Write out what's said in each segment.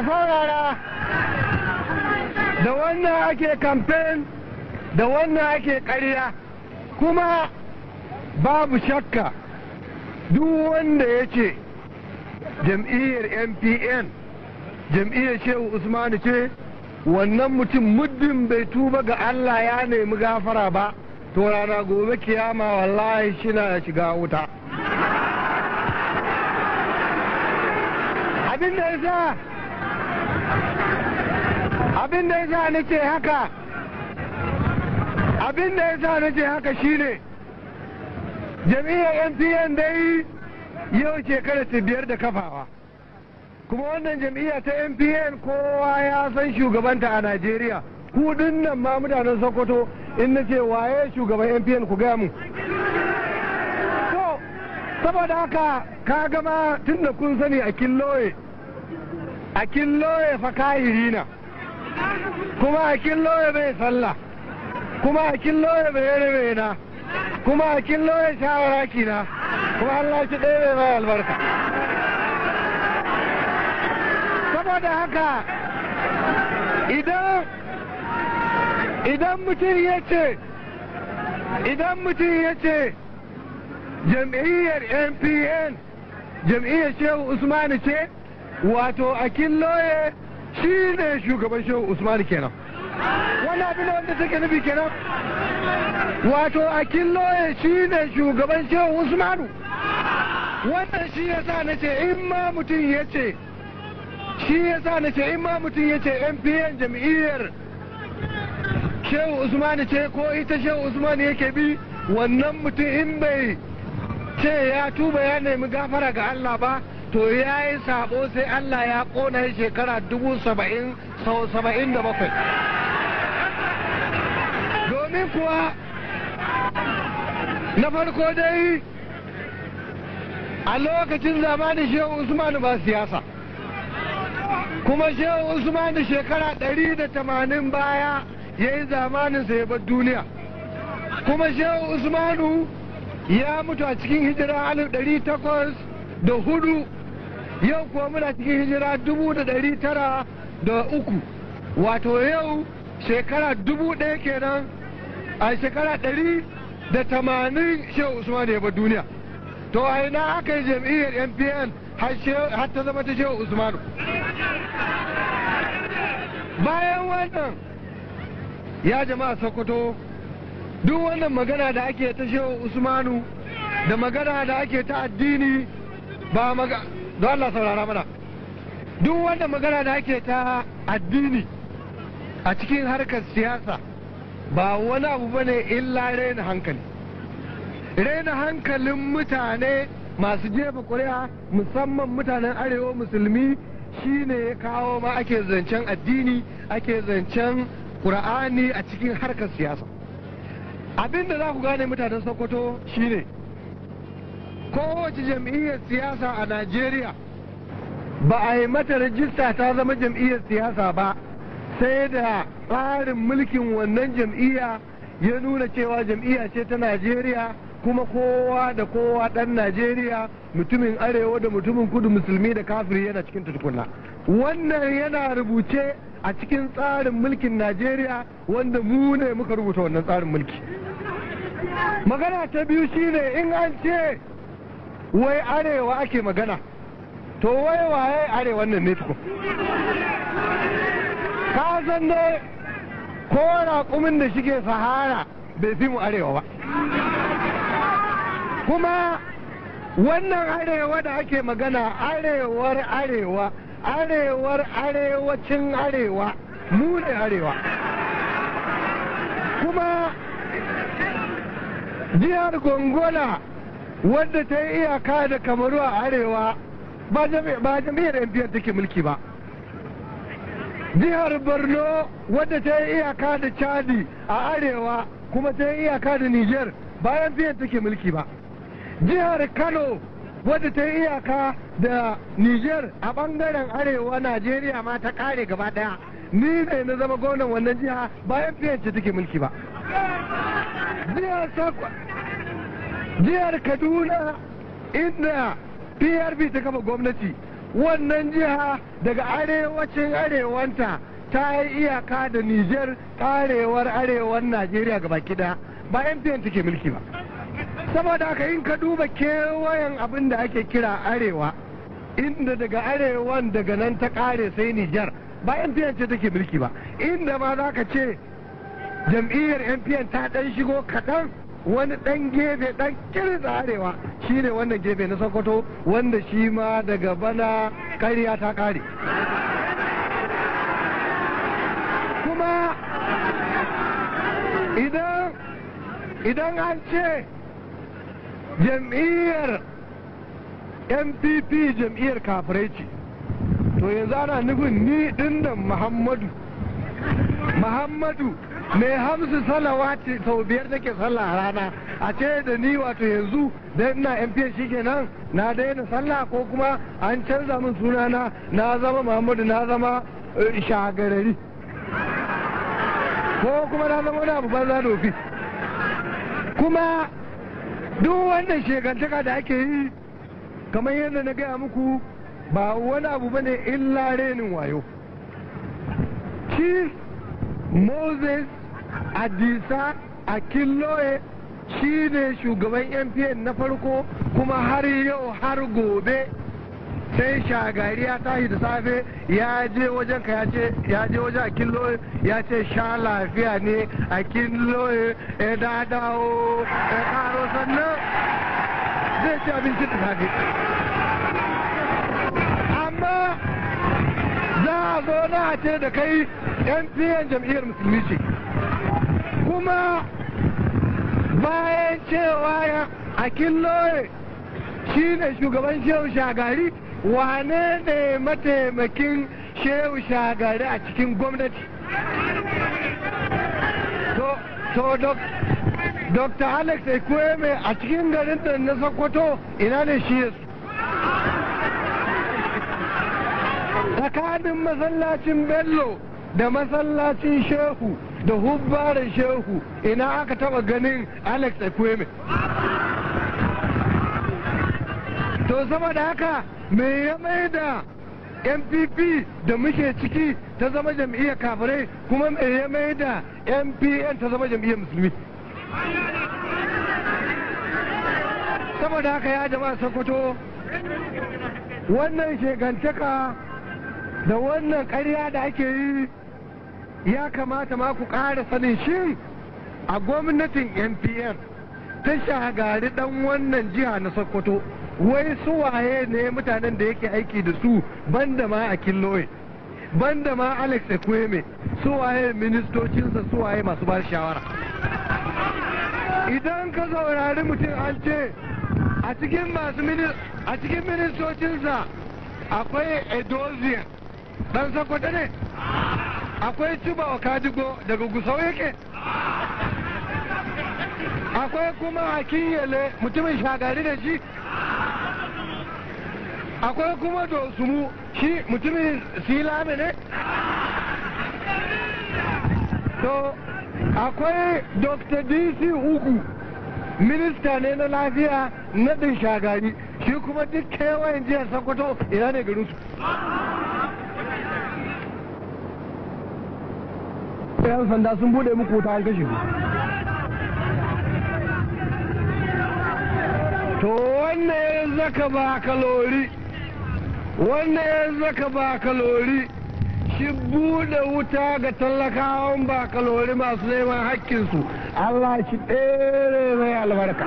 a saurara da wannan ake kamfen da wannan ake karya kuma babu shakka duk wanda ya ce jam'iyyar mpn jam'iyyar shehu usmanu ce wannan mutum muddin bai tuba ga allah ya nemi gafara ba to rana gobe kiyama wallahi shina shiga wuta abin da ya sa abin da ya sa nake haka abin da ya sa nake haka shine jam'iyyar NPN dai yau shekara ta biyar da kafawa kuma wannan jam'iyya ta NPN kowa ya san shugabanta a Najeriya kudin nan ma mutanen Sokoto in na ce waye shugaban NPN ku gaya mu saboda haka ka gama tun da kun sani a killoye a killoye fa kahiri na kuma a killo bai sallah kuma a killo ya bai na kuma a killo ya shawara kina kuma Allah shi ɗaya bai mai albarka saboda haka idan idan mutum ya ce idan mutum ya ce jam'iyyar npn jam'iyyar shehu usmani ce wato a killoye shi ne shugaban shehu usmani kenan wani abin da wanda take nufi kenan wato a killoye shi ne shugaban shehu usmanu wannan shi ya sa na ce in ma mutum ya ce shi ya sa na ce in ma mutum ya ce mpn jam'iyyar shehu usmani ce ko ita shehu usmani yake bi wannan mutum in bai ce ya tuba ya nemi gafara ga allah ba to ya yi sabo sai Allah ya kona ya shekara dubu saba'in sau saba'in da bakwai domin kuwa na farko dai a lokacin zamanin shehu usmanu ba siyasa kuma shehu usmanu shekara ɗari da tamanin baya ya yi zamanin sa ya bar duniya kuma shehu usmanu ya mutu a cikin hijira alif ɗari takwas da hudu yau kuwa muna cikin hijira dubu da ɗari tara da uku wato yau shekara dubu ɗaya kenan a shekara ɗari da tamanin shehu usman ya bar duniya to a ina aka yi jam'iyyar npn har ta zama ta shehu usman bayan wannan ya jama'a sokoto duk wannan magana da ake ta shehu usmanu da magana da ake ta addini ba magana don Allah saurara mana duk wanda magana da ake ta addini a cikin harkar siyasa ba wani abu bane illa raina hankali raina hankalin mutane masu jefa ƙuri'a musamman mutanen arewa musulmi shine ya kawo ma ake zancen addini ake zancen ƙura'ani a cikin harkar siyasa abinda za ku gane mutanen sokoto shine kowace jam'iyyar siyasa a najeriya ba a yi mata rajista ta zama jam'iyyar siyasa ba sai da tsarin mulkin wannan jam'iyya ya nuna cewa jam'iyya ce ta najeriya kuma kowa da kowa ɗan najeriya mutumin arewa da mutumin kudu musulmi da kafiri yana cikin tukunna wannan yana rubuce a cikin tsarin mulkin najeriya wanda mu ne muka rubuta wannan tsarin mulki magana ta biyu shine in an ce wai arewa ake magana to wai waye arewan nan ne tuko ka san dai ko raƙumin da shige sahara bai fi mu arewa ba kuma wannan arewa da ake magana arewar arewa arewar arewacin arewa mu ne arewa kuma jihar gongola wadda ta yi iyaka da kamaru a arewa ba jami'ar ta take mulki ba jihar borno wadda ta yi iyaka da chadi a arewa kuma ta yi iyaka da niger ba ta take mulki ba jihar kano wadda ta yi iyaka da niger a bangaren arewa najeriya ma ta kare gaba daya ni ne na zama gwamnan wannan jiha ba fiyance ta take mulki ba jihar jihar kaduna inda prp ta kafa gwamnati wannan jiha daga arewacin arewanta ta yi iyaka da niger arewar arewan najeriya gaba kida ba mpn take mulki ba saboda haka in ka duba kewayen abin da ake kira arewa inda daga arewan daga nan ta kare sai niger ba mpn ce take mulki ba inda ma za ka ce jam'iyyar mpn ta dan shigo kaɗan wani ɗan gefe ɗan kirin arewa shi ne wannan gefe na sokoto wanda shi ma daga bana ƙarya ta ƙare kuma idan an ce jam'iyyar mpp jam'iyyar kafirai ce to yanzu ana nufin ni ɗin da muhammadu muhammadu Me hamsu salawati sau biyar nake sallah rana a ce da ni wato yanzu da ina mp shi kenan na daina sallah ko kuma an canza min sunana na zama muhammadu na zama eh, shagarari ko kuma na zama wani abu banza da kuma duk wannan shegantaka da ake yi kamar yadda na gaya muku ba wani abu bane illa renin wayo moses adisa a shi ne shugaban mpn na farko kuma har yau har gobe sai shagari ya tashi da safe ya je wajen ka ya je wajen a ya ce sha lafiya ne a ya eh, dadawo ya karo sannan zai ci abinci da safe amma za a zo na ce da kai mpn jam'iyyar musulmi ce kuma bayan cewa a killoye shi ne shugaban shehu shagari wane ne mataimakin shehu shagari a cikin gwamnati to dr alex ekweme a cikin garin da na sokoto ina ne shi yasu tsakanin masallacin bello da masallacin shehu da hubbarin shehu ina aka taba ganin alex ekweme to saboda haka me ya mai da mpp da muke ciki ta zama jam'iyyar kafirai kuma me ya mai da mpn ta zama jam'iyyar musulmi saboda haka ya jama'a sokoto wannan shekantaka da wannan ƙarya da ake yi ya kamata ma ku ƙara sanin shi a gwamnatin npn ta shagari ɗan wannan jiha na sokoto wai su waye ne mutanen da yake aiki da su banda ma a killoye banda ma alex ekweme su waye ministocinsa su waye masu ba shawara idan ka saurari mutum an ce a cikin ministocinsa akwai edozian dan sakwata ne akwai tuba wa kadigo daga gusau yake akwai kuma hakin yele mutumin shagari da shi akwai kuma dosumu shi mutumin silame ne to akwai dr dc uku minista ne na lafiya na shagari shi kuma duk kewayen jihar sokoto ina ne garinsu yan sanda sun bude muku wuta an kashe to wannan ya zaka ba kalori wannan ya zaka ba kalori shi bude wuta ga talakawan ba kalori masu neman hakkinsu allah shi ɗere mai albarka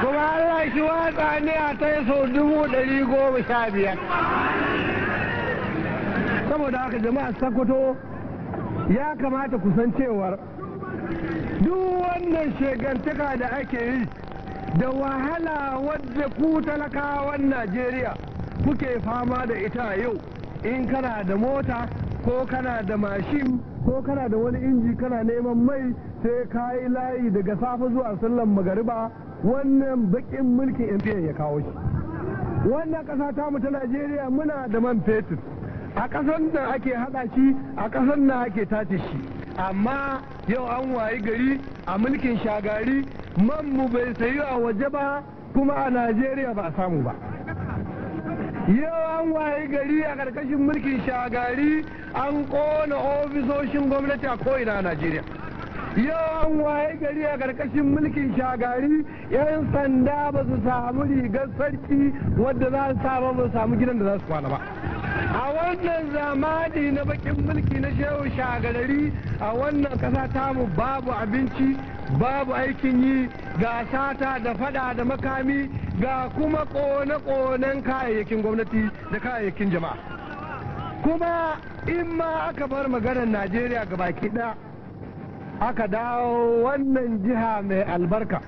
kuma allah shi watsa ne a ta sau dubu ɗari goma sha biyar saboda haka jama'a sakoto ya kamata kusan cewar duk wannan shegantaka da ake yi da wahala wadda ku talakawan najeriya kuke fama da ita yau in kana da mota ko kana da mashin ko kana da wani inji kana neman mai sai ka yi layi daga safe zuwa sallan magariba wannan bakin mulkin mpa ya kawo shi wannan kasa tamu ta najeriya muna da man fetur a ƙasar da ake haɗa shi a ƙasar da ake tace shi amma yau an wayi gari a mulkin shagari man mu bai sayi a waje ba kuma a najeriya ba a samu ba yau an wayi gari a ƙarƙashin mulkin shagari an ƙona ofisoshin gwamnati a ko'ina a najeriya Yau an waye gari a ƙarƙashin mulkin shagari yan sanda ba su samu rigar sarki wadda za su su samu gidan da za su kwana ba a wannan zamani na bakin mulki na shehu shagalari a wannan kasa tamu babu abinci babu aikin yi ga sata da fada da makami ga kuma kone-konen kayayyakin gwamnati da kayayyakin jama'a kuma in ma aka bar maganar najeriya ga baki ɗaya aka dawo wannan jiha mai albarka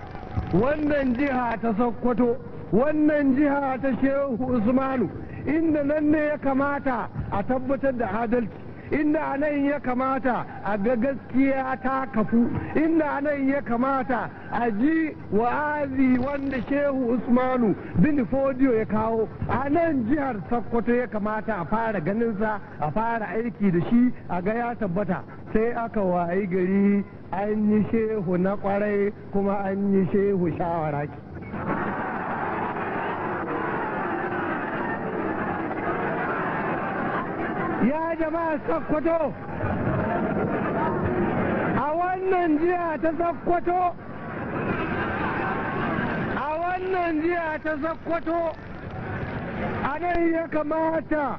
wannan jiha ta sokoto wannan jiha ta shehu usmanu inda nan ne ya kamata a tabbatar da adalci inda anan ya kamata a ga gaskiya ta kafu inda anan ya kamata a ji wa'azi wanda shehu usmanu bin fodiyo ya kawo a nan jihar sokoto ya kamata a fara ganinsa a fara aiki da shi a ga ya tabbata sai aka wayi gari an yi shehu na kwarai kuma an yi shehu shawara ya jama'a sakkwato a wannan jiya ta sakkwato a wannan jiya ta sakkwato a nan ya kamata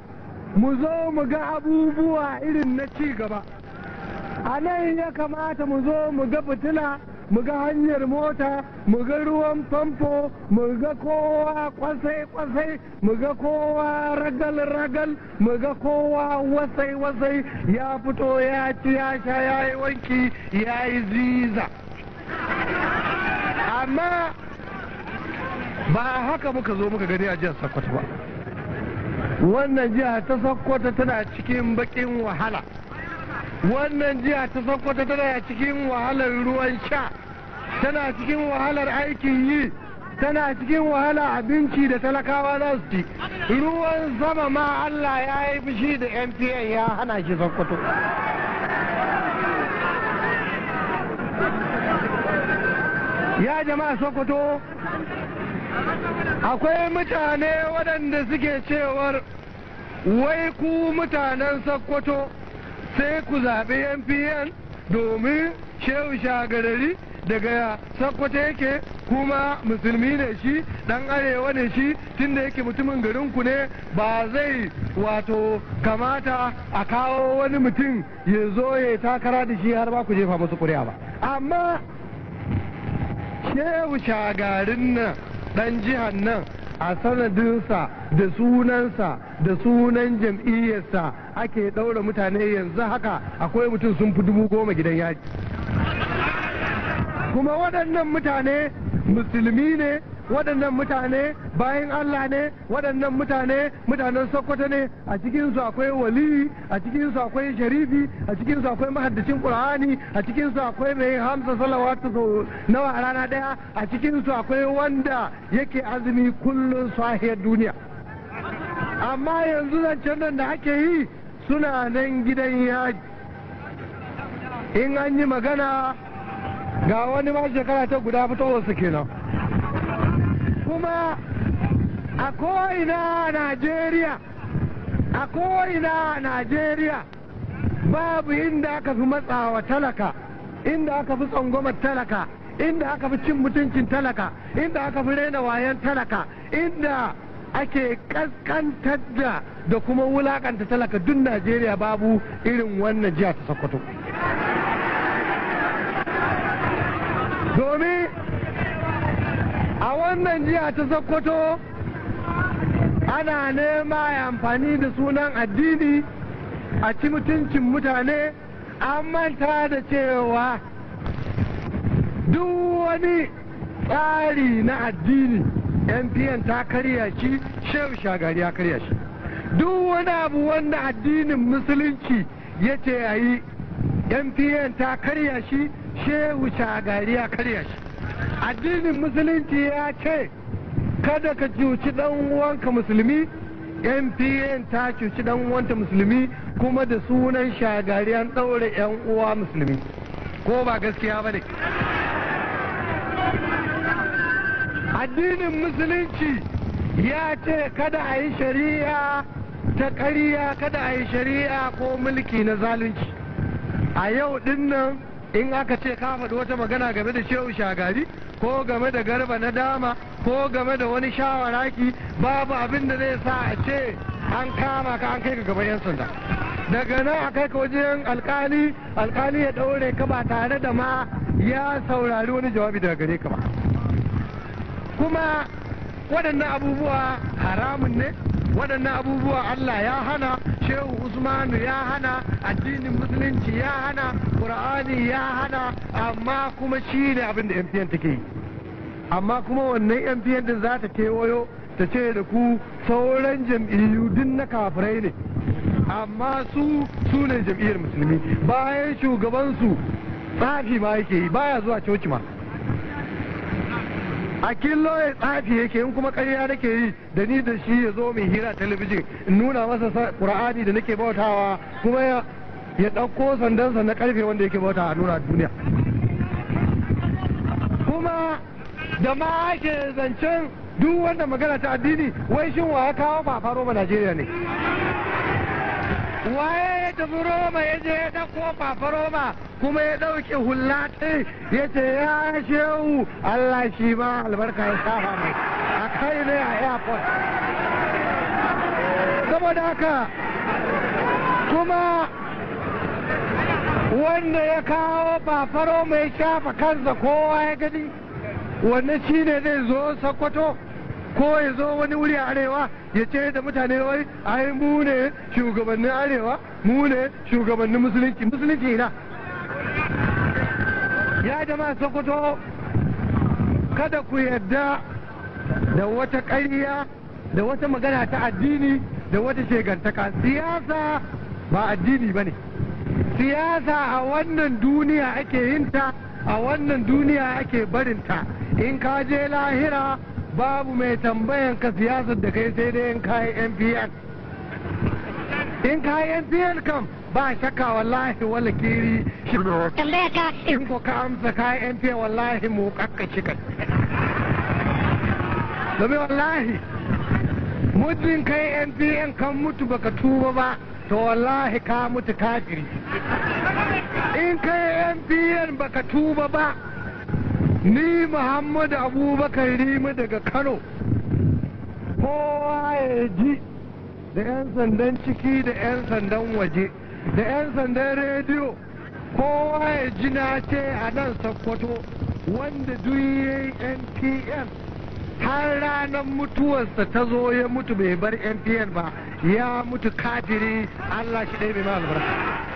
mu zo mu ga abubuwa irin na cigaba, gaba a nan ya kamata mu zo mu ga fitila mu ga hanyar mota mu ga ruwan famfo mu ga kowa kwasai-kwasai mu ga kowa ragal-ragal mu ga kowa wasai-wasai ya fito ya ci ya sha ya yi wanki ya yi ziza amma ba haka muka zo muka gani a jihar sokoto ba wannan jiha ta sokoto tana cikin bakin wahala wannan jiha ta sokoto tana cikin wahalar ruwan sha tana cikin wahalar aikin yi tana cikin wahala abinci da talakawa za su ci ruwan sama ma Allah ya yi fushi da mpn ya hana shi sokoto ya jama'a sokoto akwai mutane waɗanda suke cewar wai ku mutanen sokoto sai ku zaɓi mpn domin shehu shagarari daga sakkwata yake kuma musulmi ne shi dan arewa ne shi tunda yake mutumin garin ku ne ba zai wato kamata a kawo wani mutum ya zo ya takara da shi har ba ku jefa musu kuri'a ba amma shehu shagarin nan dan jihar nan a sanadinsa da sunansa da sunan jam'iyyarsa ake ɗaura mutane yanzu haka akwai mutum sun fi dubu goma gidan yaji kuma waɗannan mutane musulmi ne waɗannan mutane bayan Allah ne waɗannan mutane mutanen Sokoto ne a cikinsu akwai wali a cikinsu akwai sharifi a cikinsu akwai mahaddacin Qur'ani a cikinsu akwai mai hamsa salawatu nawa a rana ɗaya a cikinsu akwai wanda yake azumi kullum sahiyar duniya amma yanzu zancen nan da ake yi suna nan gidan yaji in an yi magana ga wani ma shekara ta guda fitowar su kenan kuma a ko'ina najeriya a ko'ina najeriya babu inda aka fi matsawa talaka inda aka fi tsangwamar talaka inda aka fi cin mutuncin talaka inda aka fi rena wayan talaka inda ake kaskantar da kuma wulakanta talaka duk najeriya babu irin wannan jiya ta sokoto domin a wannan jiya ta sokoto ana nema ya amfani da sunan addini a ci mutuncin mutane an manta da cewa duk wani tsari na addini npn ta karya shi shehu shagari ya karya shi duk wani abu wanda addinin musulunci ya ce a yi npn ta karya shi shehu shagari ya karya shi addinin musulunci ya ce kada ka cuci dan uwanka musulmi npn ta cuci dan uwanta musulmi kuma da sunan shagari an ɗaure yan uwa musulmi ko ba gaskiya ba ne addinin musulunci ya ce kada a yi shari'a ta ƙarya kada a yi shari'a ko mulki na zalunci a yau dinnan in aka ce ka faɗi wata magana game da shehu shagari ko game da garba na dama ko game da wani shawaraki babu abin da zai sa a ce an kama ka an kai ka gaban yan sanda daga nan a kai ka wajen alkali alkali ya ɗaure ka ba tare da ma ya saurari wani jawabi daga gare ka ba kuma waɗannan abubuwa haramun ne waɗannan abubuwa Allah ya hana shehu usmanu ya hana addinin musulunci ya hana ƙur'ani ya hana amma kuma shi ne abin da mpn take yi amma kuma wannan mpn din za ta kewayo ta ce da ku sauran jam'iyyu din na kafirai ne amma su su ne jam'iyyar musulmi bayan shugabansu tsafi ma yake yi baya zuwa coci ma a kin ya tsafi yake in kuma ƙarya nake yi da ni da shi ya zo mai hira talabijin in nuna masa ƙur'ani da nake bautawa kuma ya ɗauko sandansa na karfe wanda yake bauta a nuna duniya kuma da ma ake zancen duk wanda magana ta addini wai shin wa ya kawo ba faro ba najeriya ne waye ya tafi roma ya je ya kofa fa roma kuma ya ɗauke hula ɗin ya ce ya shehu allah shi ma albarka ya saba mai a kai ne a airport saboda haka kuma wanda ya kawo ba faro ya shafa kansa kowa ya gani shi ne zai zo sakwato ko ya zo wani wuri a arewa ya ce da mutane wai ai mu ne shugabannin arewa mu ne shugabannin musulunci musulunci ina ya jama'a sokoto kada ku yarda da wata ƙarya da wata magana ta addini da wata shegantaka siyasa ba addini ba ne siyasa a wannan duniya ake yinta a wannan duniya ake barinta in ka je lahira babu mai tambayan ka siyasar da kai sai dai in kayi npn in kayi npn kam ba shakka wallahi wala kiri shi tambaya ka in ko ka amsa kayi npn wallahi mu kakkaci kai domin wallahi muddin kai npn kan mutu baka tuba ba to wallahi ka mutu kafiri in kai npn baka tuba ba ni muhammadu abubakar Rima daga kano kowa ya ji da 'yan sandan ciki da 'yan sandan waje da 'yan sandan rediyo kowa ya ji na ce a nan sakkwato wanda duyi npm har ranar mutuwarsa ta zo ya mutu bai bar npm ba ya mutu kafiri allah shi ɗaya bai ma albarka